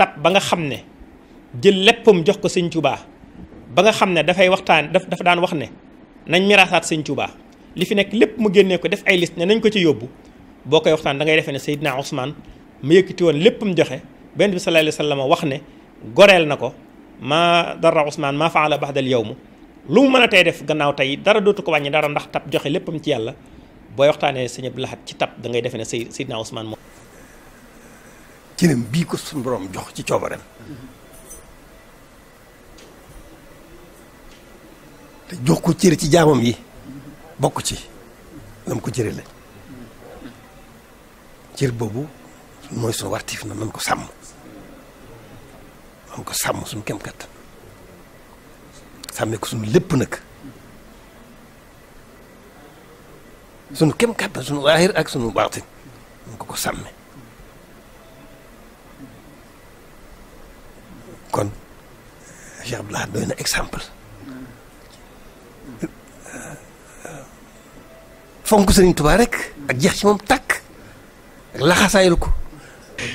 tab ba nga xam ne jël léppam jox ko sëñ Tuubaa ba nga xam ne dafay waxtaan daf dafa daan wax ne nañ miraasaat sëñ Tuubaa li fi nekk lépp mu génnee ko def ay liste ne nañ ko ci yóbbu boo koy waxtaan dangay ngay defee ne Seydina Ousmane mu yëkkati woon léppam joxe benn bi sallallahu alayhi wa ne goreel na ko maa dara Ousmane maa faala baxdal yow mu lu mu mën def gannaaw tey dara dootu ko wàññi dara ndax tab joxe léppam ci yàlla booy waxtaanee sëñ Abdou Lahad ci tab da ngay defee ne Seydina Ousmane moom cëram bii ko suñu borom jox ci coobareem te jox ko cër ci jaamam yi bokk ci nam ko cëre la cër boobu mooy suñu wartif na nan ko sàmm nan ko sàmm suñu kemkat sàmmee ko suñu lépp nag suñu kem kàttan suñu waahir ak suñu baatin nan ko ko sàmme kon Cheikh Abdou Lahad doy na exemple fonk sëriñ Tuubaa rek ak jeex ci moom tàkk ak laxasaaylu ko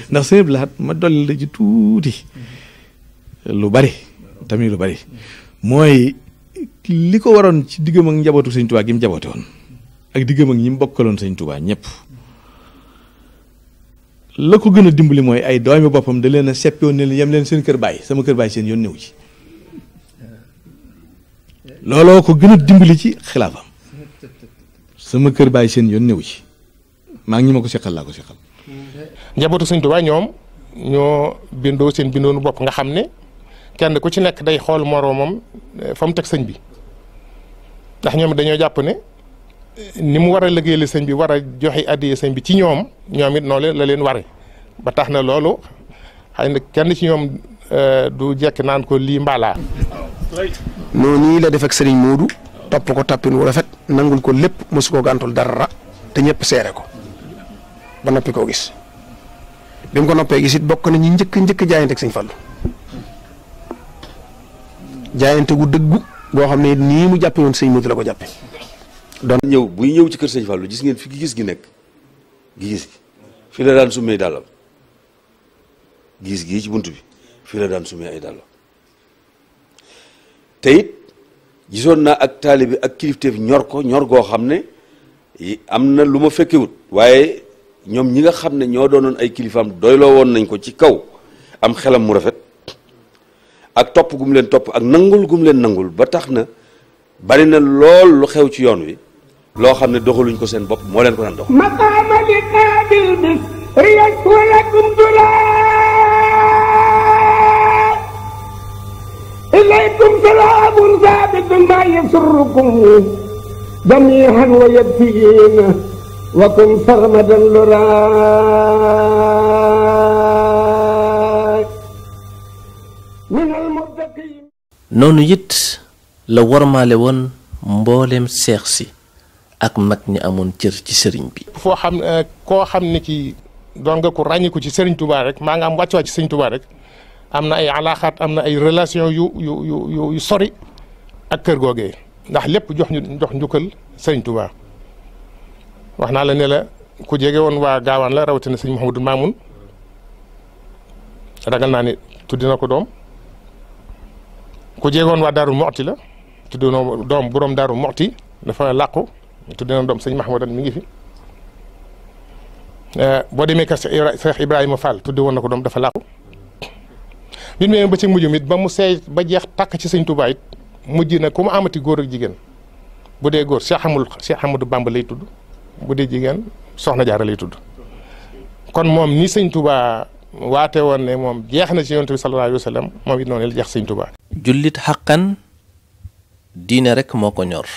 ndax sëriñ Abdou ma dolli la ci tuuti lu bari tamit lu bari mooy li ko waroon ci diggam ak njabootu sëriñ Tuubaa gi mu jaboote woon ak diggam ak ñi mu bokkaloon sëriñ Tuubaa ñëpp la ko gën a dimbali mooy ay doomi boppam da leen a seppi woon ne leen yem leen seen kër bàyyi sama kër bàyyi seen yoon néew ci looloo ko gën a dimbali ci xilaafam sama kër bàyyi seen yoon néew ci maa ngi ñi ma ko seqal laa ko seqal. njabootu Sëñ Tuubaa ñoom ñoo bindoo seen bindoonu bopp nga xam ne kenn ku ci nekk day xool moroomam eh, fa mu teg sëñ bi ndax ñoom dañoo jàpp ne. ni mu war a liggéeyal sëñ bi war a joxe addiya sëñ bi ci ñoom ñoom it noonu la leen ware ba tax na loolu xëy na kenn ci ñoom euh, du jekk naan ko lii mbaalaa noonu nii la def ak sëriñ Moodu ko tappin wu rafet nangul ko lépp mosu ko gàntul dara te ñëpp seere ko ba noppi ko gis bi mu ko noppee gis bokk na ñi njëkk njëkk jaayante ak sëñ Fallu jaayante gu dëggu goo xam ne nii mu jàppe woon sëñ Moodu la ko jàppe daan ñëw buy ñëw ci kër sëñ Fallou gis ngeen fi gis gi nekk gi gis gi fi la daan summee dàllam gi gis gii ci bunt bi fi la daan summee ay dàllam te it gisoon naa ak taalibe ak kilifteef ñor ko ñor goo xam ne am na lu ma fekkewut waaye ñoom ñi nga xam ne ñoo doonoon ay kilifaam doyloo woon nañ ko ci kaw am xelam mu rafet ak topp gum leen topp ak nangul gum leen nangul ba tax na bari na lool lu xew ci yoon wi loo xam ne doxaluñ ko seen bopp moo leen ko daan dox maqaama li qaabil bi riyaj walakum dula ilaykum salaamun saabitun maa yasurrukum jamiihan wa yabfiina wa kun sarmadan lura min al murtaqiin noonu it la wormaale woon mbooleem seex si ak mag ñi amoon cër ci sëriñ bi. foo xam koo xam ne ki doon nga ko ràññiku ci sëriñ Touba rek maa nga am wàccuwaay ci sëriñ Touba rek am na ay alaaxaat am na ay relation yu yu yu yu sori ak kër googee ndax lépp jox ñu jox njukkal sëriñ Touba wax naa la ne la ku jege woon waa gaawaan la rawatina sëriñ Mouhamadou Mamoun ragal naa ne tuddina ko doom ku jege woon waa Darou Mouhty la. tudd na doom borom daaru moxti dafa làqu tudd na doom sëñ Mahmoudan mi ngi fi eh, boo demee kër Cheikh Ibrahima Fall tudde woon na ko doom dafa làqu bi mu ba ci mujj mit ba mu seey ba jeex takk ci sëñ Tuubaa it mujj na ku mu amati góor ak jigéen bu dee góor Cheikh Amadou Cheikh Amadou Bamba lay tudd bu dee jigéen Soxna Jaara lay tudd kon moom ni sëñ Tuubaa waate woon ne moom jeex na ci yonent bi sallallahu alayhi wa sallam moom it noonu la jeex sëñ Tuubaa jullit xaqan diine rekk moo ko ñor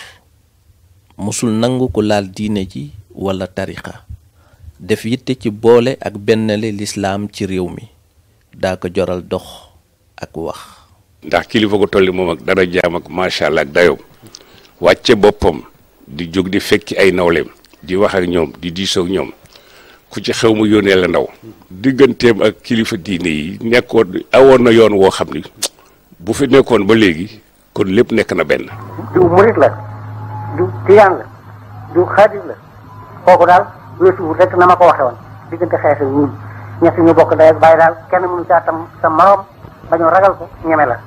musul nangu ku laal diine ji walla tarixa def yitte ci boole ak bennale lislaam ci réew mi daa ko joral dox ak wax ndax kilifa ko tolli moom ak dara jaam ak macha allah ak dayoom wàcce boppam di jóg di fekki ay nawleem di wax ak ñoom di diisoo ñoom ku ci xew mu yónnee la ndaw digganteem ak kilifa diine yi nekkoon awoon na yoon woo xam ni bu fi nekkoon ba léegi kon lépp nekk na benn. du murit la du tiyaan la du xaadir la kooku daal weesu rekk na ma ko waxee woon diggante xeex ak ñun ñett ñu bokk ndey ak bàyyi daal kenn mënu caa tam sa maam ba ñu ragal ko ñeme la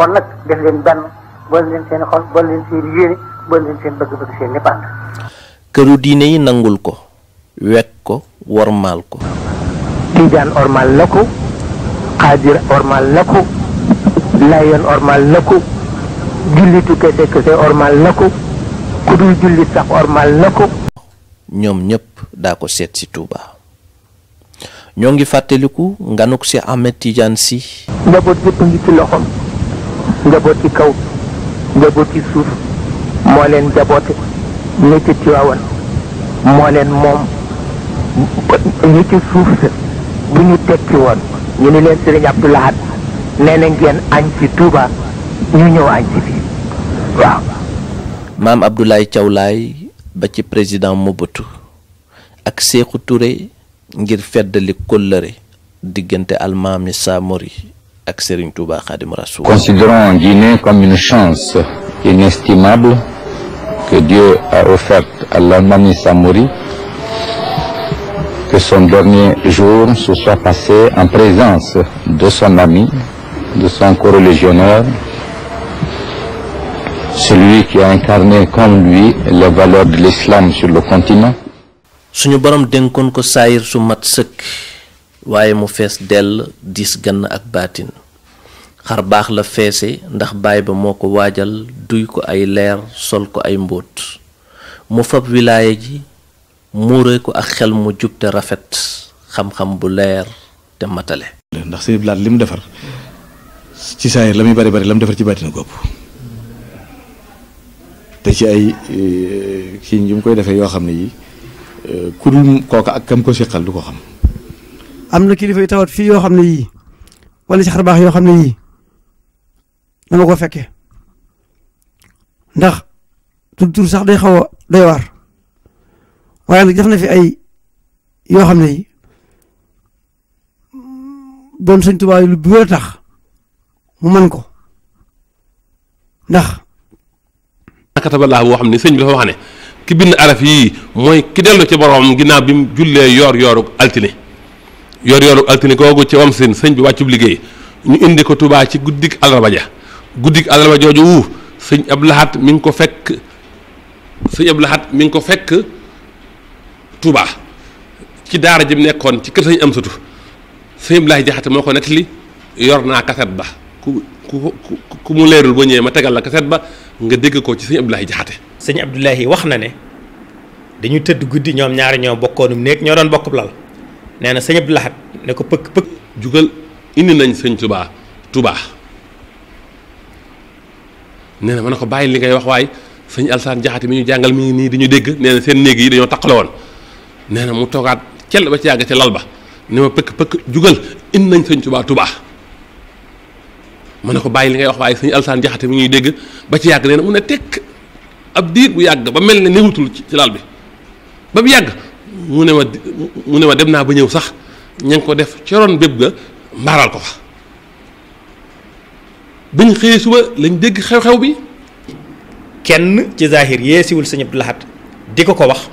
kon nag def leen benn boole leen seen xol boole leen seen yéene boole leen seen bëgg-bëgg seen lépp ànd. këru diine yi nangul ko. wekk ko wormaal ko. Tijaan ormal la ko. Xaadir ormal la ko. Layen ormal la ko. jullitu kese kese ormal na ko ku dul jullit sax ormal na ko ñoom ñëpp daa ko seet si Touba ñoo ngi fàttaliku nganuk si Ahmed Tidiane si njaboot yëpp ngi ci loxoom njaboot ci kaw njaboot ci suuf moo leen njaboote ñi ci Tiwaawan moo leen moom ñi ci suuf sa bu ñu tekki woon ñu ni leen Sëriñ Abdou Lahad ngeen añ ci Touba ñu ñëw maam Abdoulaye Thiaw ba ci président Mobutu ak Sékou Touré ngir feddali kóllëre diggante almaami Samori ak Serigne Touba Khadim Rassoul. Considérons Guinée comme une chance inestimable que Dieu a offerte à l'almaami Samori que son dernier jour se soit passé en présence de son ami, de son corréligionnaire celui qui a incarné comme lui les valeurs de l'islam sur le continent. suñu borom dénkoon ko saayir su mat sëkk waaye mu fees dell diis gann ak baatin xar baax la feese ndax baay ba moo ko waajal duy ko ay leer sol ko ay mbóot mu fab wilaaya ji muure ko ak xel mu jub te rafet xam-xam bu leer te matale. ndax sëñ Blaat li mu defar ci saayir la muy bari bari defar ci baatin ko te ci ay eh, kii yu mu koy defee yoo xam ne yi eh, ku kooka ak kam ko siqal du ko xam. am na kilifay yu tawat fii yoo xam ne yii wala ci xarbaax yoo xam ne yii dama ko fekkee ndax tur tur sax day xaw day waar waaye nag def na fi ay yoo xam ne yii doon sëñ Tuubaa lu bu wér tax mu mën ko ndax. nakataballaax boo xam ne sëñ bi dafa wax ne ki bind araf yii mooy ki dellu ci boroom ginnaaw bi mu jullee yoor yooru altine yoor yooru altine googu ci wam sin sëñ bi wàccub liggéey ñu indi ko tubaa ci guddik àllarba ja guddik àllarba jooju wu sëñ ab laxaat mi ngi ko fekk sëñ mi ngi ko fekk tubaa ci daara ji mu nekkoon ci kër sëñ am satu sëñ Abdou Lahad jaxate moo ko nettali yor naa kaset ba ku ku mu leerul ba ñëwee ma tegal la kaset ba nga dégg ko ci sëñ Abdoulaye Jaxate sëñ Abdoulaye wax na ne dañu tëdd guddi ñoom ñaari ñoo bokkoonum néeg ñoo doon bokk lal nee na sëñ Abdoulaye ne ko pëkk pëkk jugal indi nañ sëñ tubaa Touba nee na ma ne ko bàyyi li ngay wax waaye sëñ Alsaan Jaxate mi ñu jàngal mi ngi nii di dégg nee seen néeg yi dañoo taqale woon nee na mu toogaat cell ba ci yàgg ci lal ba ni jugal indi nañ sëñ Touba Touba mën na ko bàyyi li ngay wax waaye suñu alsaan jaxate mu ñuy dégg ba ci yàgg nee na mu ne tekk ab diir bu yàgg ba mel ne néewutul ci laal bi ba mu yàgg mu ne ma dem naa ba ñëw sax ña ngi ko def coroon bépp ga mbaaral ko fa bañ xëyee suba lañ dégg xew-xew bi kenn ci zahir yeesiwul sëñ Abdou di ko ko wax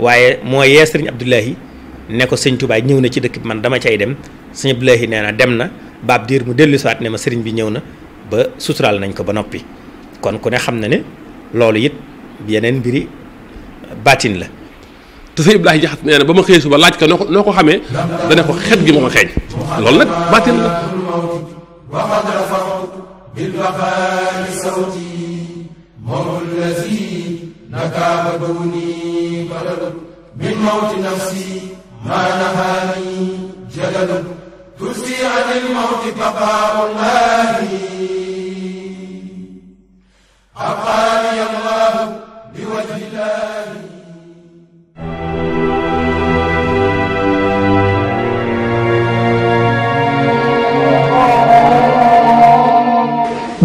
waaye moo yee sëriñ Abdoulahi ne ko sëñ Tuubaa ñëw na ci dëkk bi man dama cay dem sëñ Abdoulahi nee na dem na baab diir mu dellu siwaat ne ma sëriñ bi ñëw na ba suturaal nañ ko ba noppi kon ku ne xam na ne loolu it yeneen mbiri baatin la te sëñ Ibrahima jaxat nee na ba ma xëyee suba laaj ko noo ko noo ko xamee dane ko xet gi ma ko xeeñ loolu nag baatin la وقد رفعت بالبقاء صوتي مر الذي نكى دوني بلد من موت نفسي ما تزي عن الموت بقاء الله أبقاني الله بوجه الله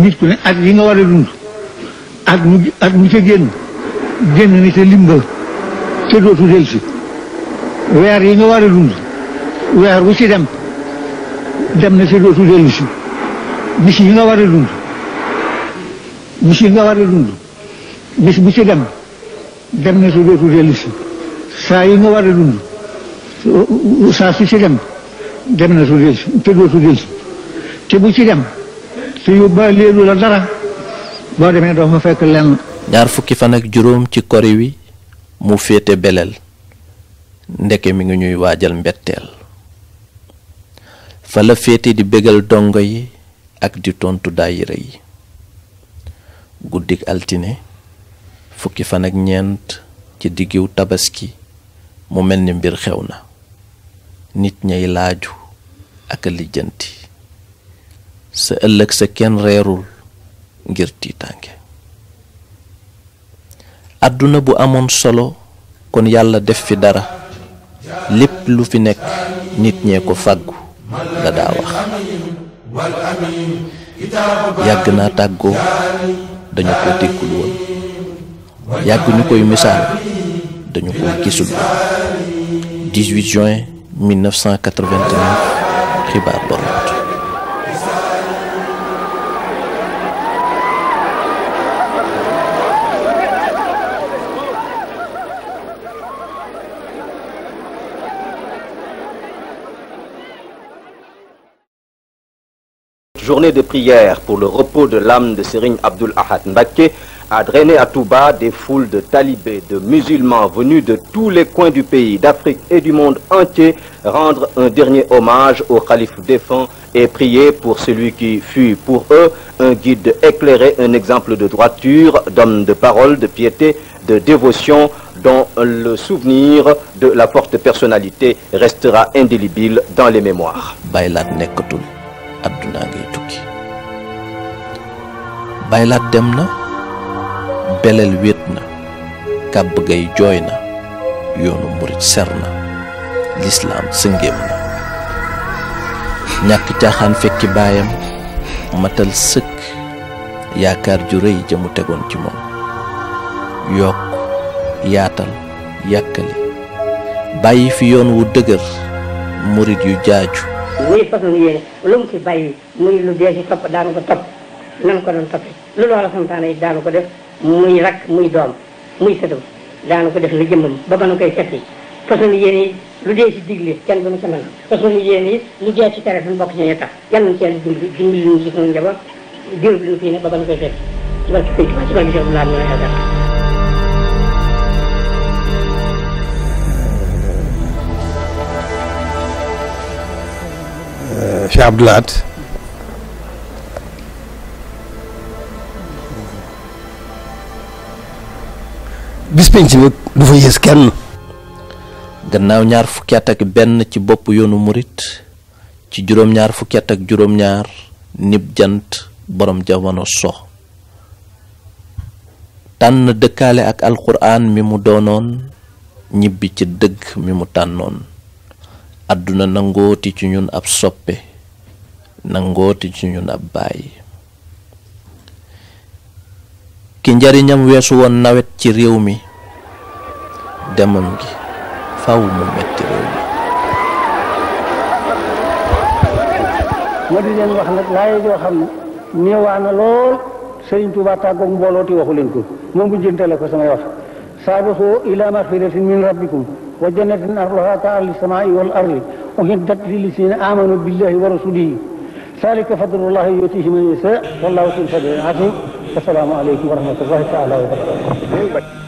nit ku ne at yi nga war a dund at mu ca génn génn ni te lim ba te dootu delsi weer yi nga war a dund weer wu ci dem dem na su dootu si bis yi nga war a dund bis yi nga war a dund bis bu ci dem dem na si dootu dellu si saa yi nga war a dund saa su ci dem dem na su dellu si bu ci dem te yóbbaalee la dara boo demee doo fa fekk lenn. ñaar fukki fan ak juróom ci kori wi mu féete belel ndeke mi ngi ñuy waajal mbetteel. fa la féete di bégal dongo yi ak di tontu daayira yi guddik altine fukki fan ak ñeent ci diggiw tabaski mu mel ni mbir xew na nit ñey laaju ak lijjanti sa ëllëg sa kenn reerul ngir tiitaange àdduna bu amoon solo kon yàlla def fi dara lépp lu fi nekk nit ñee ko fàggu la daa wax yàgg naa tàggoo dañu ko déggul woon yàgg ñu koy misaal dañu ko gisul 18 juin 1989 xibaar borom journée de prière pour le repos de l'âme de Serigne Abdoul Ahad Mbacké a drainé à Touba des foules de talibés, de musulmans venus de tous les coins du pays, d'Afrique et du monde entier, rendre un dernier hommage au calife défunt et prier pour celui qui fut pour eux un guide éclairé, un exemple de droiture, d'homme de parole, de piété, de dévotion, dont le souvenir de la forte personnalité restera indélébile dans les mémoires. àddunaa baylaat dem na belel wéet na kàbb gay jooy na yoonu murit ser na lislaam sëngéem na ñàkk caaxaan fekki baayam matal sëkk yaakaar ju rëy ja mu tegoon ci moom yokk yaatal yàkkali bàyyi fi yoon wu dëgër murit yu jaaju muy façon yéene lu mu fi bay muy lu dee si topp daanu ko topp nan ko doon toppee lu loola santaane it daanu ko def muy rakk muy doom muy sëtam daanu ko def lu jëmmam ba mën a koy seet yi façon yéene yi lu dee si digle kenn du ñu ko mën façon yéene lu dee si tere duñ bokk ci ñe tax yal nañ ceen dimbali dimbali ñu ci suñu njaboot diir bi ñu fii ne ba mën a koy seet ci barke Sëñ Tuubaa ci barke Sëñ Tuubaa Euh, Cheikh Abdou Lahad bis penc du fa yées kenn. gannaaw ñaar fukki at ak benn ci bopp yoonu murit ci juróom-ñaar fukki at ak juróom-ñaar nib jant borom jamono so tànn dëkkaale ak alxuraan mi mu doonoon ñibbi ci dëgg mi mu tànnoon. adduna nangooti ci ñun ab soppe nangooti ci ñun ab bàyyi ki njariñam weesu woon nawet ci réew mi demam gi faw mu metti réew mi ma di leen wax nag laaye joo xam ne néewaa na lool sëriñ Tuubaa tàggoog mbooloo ti waxu leen ko moom bu jëntale ko samay wax saabixu ilaa maxfiratin min rabbikum وجنة أرضها تعالى السماء والأرض أهدت للذين آمنوا بالله ورسوله ذلك فضل الله يؤتيه من يشاء والله ذو الفضل العظيم والسلام عليكم ورحمة الله تعالى وبركاته